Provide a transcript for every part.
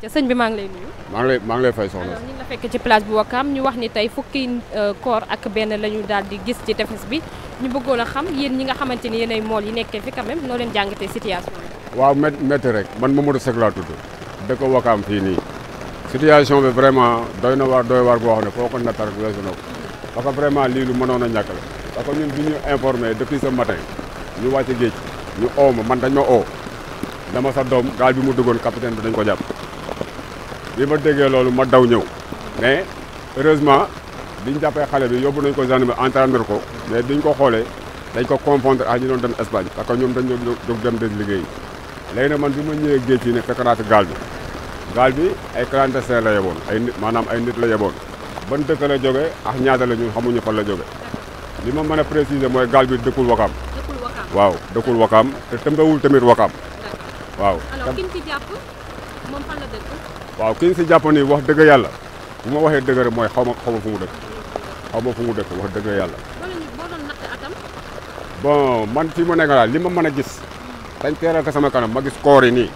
ca sëñ bi maa ngi lay nuyu. maa ngi lay maa ngi lay fay soxna si. ñu fekk ci place bu Wakaam ñu wax ni tey fukki euh, koor ak benn la ñu daal di gis ci tefes bi ñu bëggoon a xam yéen ñi nga xamante ni yéenay mool yi nekkee fi quand même noo leen jàngatee situation bi. waaw mét métti rek man Mamadou Seck laa tudd dëkk Wakaam fii nii situation bi vraiment doy na waar doy waar boo xam ne foo ko natt rek weesu na ko parce que vraiment lii lu mënoon a ñàkk la parce que ñun bi ñu informé depuis ce matin ñu wàcc géej ma man dañ ma oo dama sa doom gaal bi mu duggoon capitaine bi dañ ko jàpp bi ma déggee loolu ma daw ñëw mais heureusement biñ jàppee xale bi yóbbu nañ ko gendarmerie entendre ko mais biñ ko xoolee dañ ko confondre ak ñu doon dem Espagne parce que ñoom dañ doon dem des liggéey léegi nag man bi ma ñëwee géej ne fekk gaal bi gaal bi ay clandestin la yeboon ay nit maanaam ay nit la yeboon ban dëkka la jógee ak ñaata la ñun xamuñu fan la joge li ma mën a préciser mooy gaal bi dëkkul wakaam waaw dëkkul wakaam te tëmbewul tamit wakaam waaw waaw kii si jàppandi wax dëgg yàlla bu ma waxee dëgg rek mooy xaw ma xaw ma fu mu dëkk xaw ma fu mu dëkk wax dëgg yàlla. bon man fii ma nekk daal li ma mën a gis dañ teeral ko sama kanam ma gis koor yi nii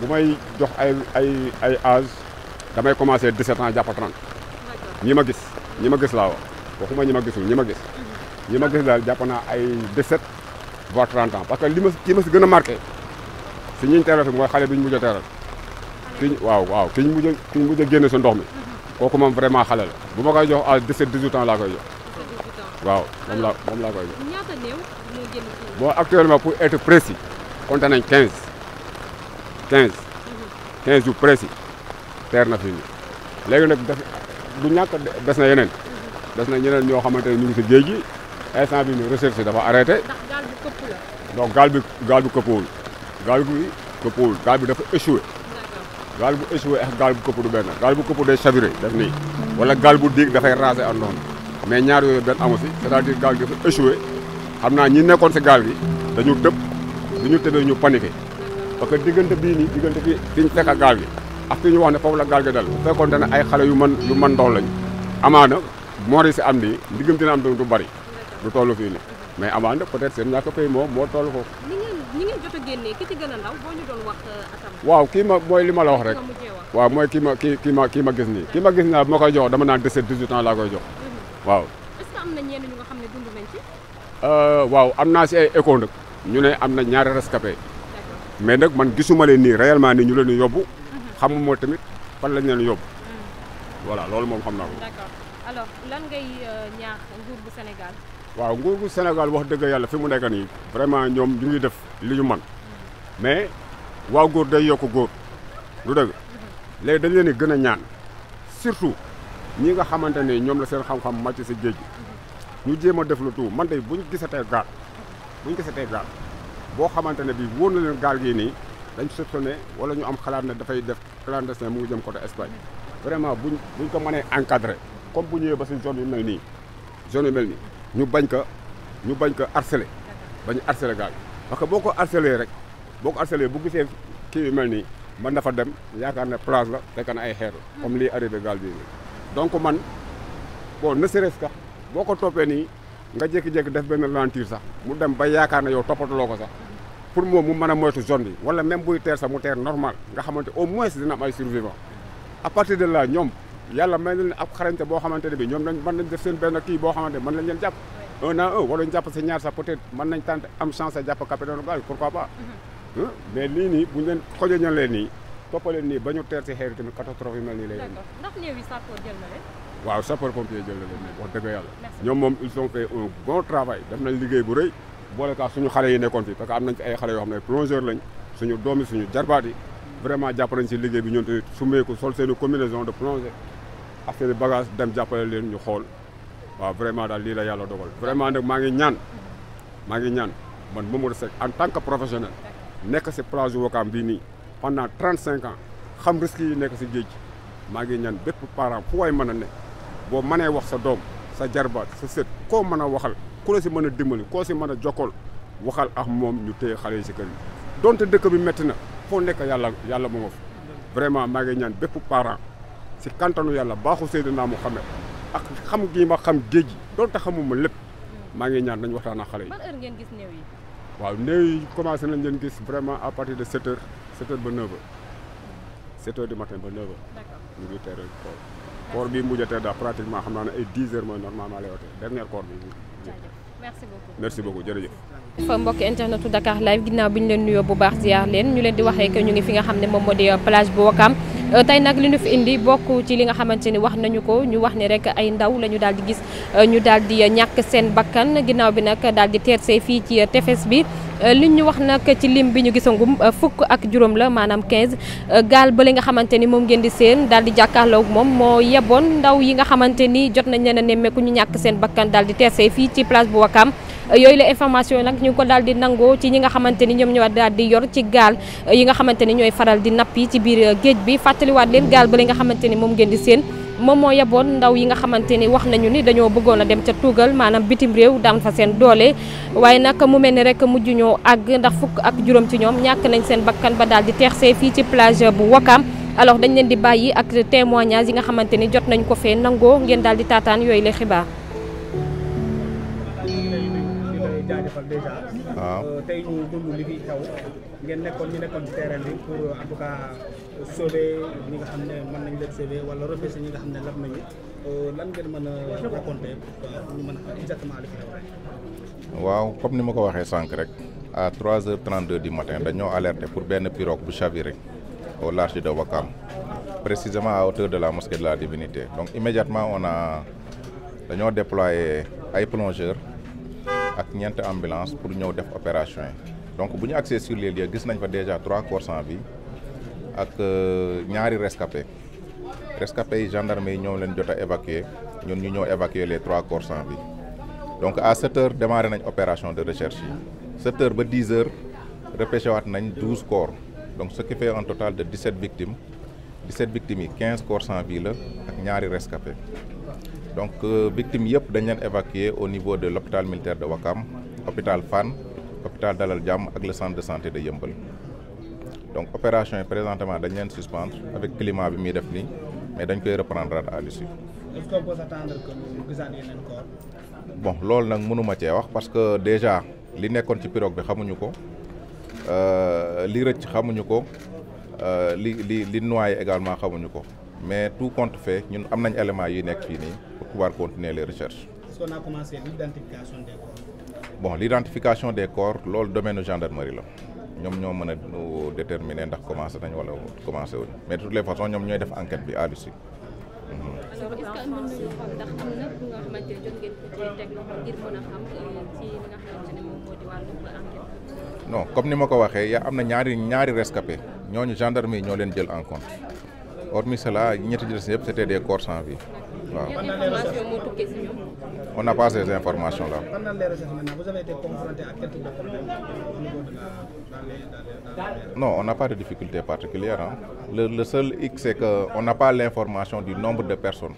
bu may jox ay ay ay âge damay commencé 17 ans jàpp 30 ñi ma gis ñi ma gis laa wax waxuma ñi ma gisul ñi ma gis mhm. ñi ma gis daal jàpp naa ay 17 voire 30 ans parce que li ma si ma si gën a marqué si ñiñ teeral fi mooy xale bi ñu mujj a teeral kiñ waaw waaw kiñ mujj a kiñ mujj a génne ndox mi kooku moom vraiment xale la bu ma koy jox à 17 18 ans laa koy jox waaw moom laa moom laa koy jox bon actuellement pour être précis compté nañ 15 15 15 jours précis teer na fi nii léegi nag def du ñàkk des na yeneen mhm. des na ñeneen ñoo xamante ne ñu ngi si géej gi instant bi ni recherche dafa arrêté donc gaal bi gaal bi këppwul gaal bi dafa échoué gaal bu échoué ak gaal bu këpp du benn gaal bu këpp day chaviré def nii wala gaal bu diig dafay raser ak noonu mais ñaar yooyu benn amu si c'est-à-dire gaal gi dafa échoué xam naa ñi nekkoon si gaal gi dañu tëb du ñu tëbee ñu paniqué parce que diggante bii nii diggante fi fi ñu fekk gaal gi ak fi ñu wax ne foofu la gaal gi dal bu fekkoon ne ay xale yu man yu mën ndaw lañu amaana moo yi si am nii ndiggam dina am doon du bari du toll fii nii mais amaana peut-être seen ñàkk pay moo toll foofu ñi ngeen jot a génnee ki gën a ndaw boo ñu doon wax euh, waaw kii ma mooy li ma la wax rek. waaw mooy kii ma kii kii ma kii ma gis nii. kii ma gis naa bu ma koy jox dama naan 17 18 ans laa koy jox. Mm-hmm. waaw. am euh, waaw am naa si ay écho nag ñu ne am na ñaari rescapé. mais nag man gisuma leen nii réellement nii ñu leen di yóbbu. Mm-hmm. xamuma tamit fan lañ leen yóbbu. Mm-hmm. voilà loolu moom xam naa ko. d'accord alors euh, nguur bu Sénégal. wax dëgg yàlla fi mu nekk nii vraiment ñoom ñu ngi def li ñu man mais waaw góor day yokk góor lu dëgg léegi dañ leen gën a ñaan surtout ñii nga xamante ni ñoom la seen xam-xam màcc si géej gi ñu jéem a def lu tout man tey bu ñu gisatee gaal buñ ñu gisatee gaal boo xamante ne bii wóor na leen gaal gii nii dañ soupçonné wala ñu am xalaat ne dafay def clandestin mu ngi jëm côté Espagne vraiment buñ buñ ko mënee encadré comme bu ñëwee ba si zone yu mel nii zone yu mel nii ñu bañ ko ñu bañ ko harcelé bañ harcelé gaal parce que boo ko harcelé rek boo ko harcelé bu gisee kii yu mel nii mën na dem yaakaar ne place la fekk na ay xeer la comme lii arrivé gaal bii donc man bon ne serait-ce boo ko toppee nii nga jékki-jékki def benn lentir sax mu dem ba yaakaar ne yow toppatuloo ko sax pour moom mu a moytu zone bi wala même buy teer sax mu teer normal nga xamante au moins dina am ay survivants à partir de là ñoom yàlla may na leen boo xamante ne bi ñoom dañ mën nañ def seen benn kii boo xamante ne mën nañ leen jàpp un à un wala jàpp si ñaar sax peut-être mën nañ tenter am chance a jàpp capitaine gage pourquoi pas mhm. mais lii nii bu ñu leen xojee ñu leen nii toppaleen nii ba ñu teer si xeer tamit catastrophe yu mel nii lay ndax néew yi sapeur jël na leen waaw sapeur pompier jël leen wax dëgg yàlla ñoom moom ils ont fait un bon travail def nañ liggéey bu rëy boole kaa suñu xale yi nekkoon fii parce que am nañ fi ay xale yoo xam ne plongeur lañ suñu doomi suñu jarbaat yi jàpp nañ si liggéey bi ñoom tamit sumeeku sol seeni combinaison de plongée ak seeni dem jàppale leen ñu xool waaw vraiment daal lii la yàlla dogal vraiment nag maa ngi ñaan maa ngi ñaan man Mamadou Seck en tant que professionnel nekk si plage Ouakam bii nii pendant trent cinq an xam risques yi nekk si géej maa ngi ñaan bépp parent fu waay mën a ne boo mënee wax sa doom sa jarbaat sa sët koo mën a waxal ku la si mën a dimbali koo si mën a jokkool waxal ak moom ñu téye xale yi si kër yi donte dëkk bi métti na foo nekk yàlla yàlla moo ma fa vraiment maa ngi ñaan bépp parent si kantanu yàlla baaxu Seydina Muhammad ak xam gi ma xam géej gi donte xamuma lépp maa ngi ñaan nañ waxtaan ak xale yi. ban ngeen gis néew waaw néew yi commencé nañ leen gis vraiment à partir de 7 heures 7 heures ba 9 heures 7 heures du matin ba 9 heures. d'accord ñu ngi teel koor koor bi mujjatee daal pratiquement xam naa ne ay 10 heures mooy normalement lay wote dernier koor bi. merci beaucoup merci beaucoup jërëjëf. fa mbokk internetu Dakar live ginnaaw bi ñu leen nuyoo bu baax ziar leen ñu leen di waxee fi nga xam ne moom moo di euh, Euh, tey nag li ñu fi indi bokk ci li nga xamante ni wax nañu ko ñu wax ni rek ay ndaw la ñu daal di gis euh, ñu daal di ñàkk seen bakkan ginnaaw bi nag daal di teersee fii ci euh, tefes bi li ñu wax nag ci lim bi ñu gisangum fukk ak juróom la maanaam quinze gaal ba li nga xamante ni moom ngeen di seen daal di jàkkaarloog moom moo yeboon ndaw yi nga xamante ni jot nañ leen a nemmeeku ñu ñàkk seen bakkan daal di teersee fii ci place bu wakkaam yooyu la information nag ñu ko daal di nangoo ci ñi nga xamante ni ñoom ñoo daal di yor ci gaal yi nga xamante ni ñooy faral di napp yi ci biir euh, géej bi fàttaliwaat leen gaal ba li nga xamante ni moom ngeen di seen moom moo yeboon ndaw yi nga xamante ni wax nañu ni dañoo bëggoon a dem ca tugal maanaam bitim réew daan fa seen doole waaye nag mu mel ni rek mujj ñoo àgg ndax fukk ak juróom ci ñoom ñàkk nañ seen bakkan ba daal teex teersee fii ci plage bu Wakaam alors dañ leen di bàyyi ak témoignage yi nga xamante ni jot nañ ko fee nangoo ngeen daal di taataan yooyu la xibaar jaajëfal déjà. waaw euh, tey ñu dund li xew ngeen nekkoon ñu nekkoon ci bi pour en tout cas sauver ñi nga xam ne mën nañ leen sauver wala repêcher ñi nga xam ne lab nañu euh, lan ngeen mën a raconter waaw comme ni ma ko waxee sànq rek à 3h32 di matin dañoo alerté pour benn pirogue bu chaviré au large de Ouakam précisément à hauteur de la mosquée de la divinité donc immédiatement on a dañoo déployé ay plongeurs. ak ñeenti ambulance pour ñëw def opération yi donc bu ñu accès sur les gis nañ fa déjà trois corps sans vie ak euh, ñaari rescapé rescapé yi gendarme yi ñoo leen jot a évacuer ñun ñu ñëw évacuer les trois corps sans vie donc à 7 heures démarré nañ opération de recherche yi 7 ba 10 heures repêché waat nañ 12 corps donc ce qui fait un total de 17 victimes 17 victimes yi 15 corps sans vie la ak ñaari rescapé donc euh, victimes yëpp dañ leen évacuer au niveau de l'hôpital militaire de Wakam hôpital Fann hôpital Dalal Jàmm ak le centre de santé de Yëmbal donc opération yi présentement dañ leen suspendre avec climat bi muy def nii mais dañ koy reprendre à l'issue bon loolu nag mënuma cee wax parce que déjà li nekkoon ci pirogue bi xamuñu ko euh, li rëcc xamuñu ko euh, li li li noyé également xamuñu ko mais tout compte fait ñun am nañ éléments yi nekk fii nii pour pouvoir les recherches. est-ce qu'on a commencé des corps. loolu domaine nu gendarmerie ñoom ñoo mën a déterminer ndax commencé nañ wala commencé wuñ mais de toutes ñoom ñooy def enquête bi à euh, comme ni ma ko waxee yaa am na ñaari ñaari rescapés ñooñu gendarmerie ñoo leen jël en compte. hormis cela ñetti jël si yëpp c'était des corps sans vie waaw. on n'a ces informations là. non on n'a de difficulté particulière ah. le le seul que on n'a pas l'information du nombre de personnes.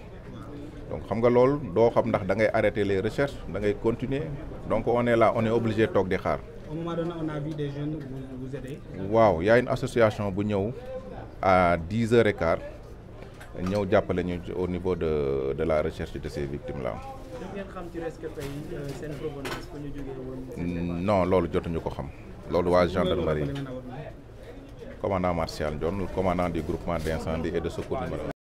donc xam nga loolu doo xam ndax da ngay arrêter les recherches da ngay continuer donc on est là on obligé toog di xaar. waaw y a association bu ñëw. à dix heures ñëw jàppale ñu au niveau de de la recherche de ces victimes là. Euh, non loolu jotuñu ko xam. loolu waa gendarmerie commandant martial Ndione commandant du groupement d'incendie et de secours numéro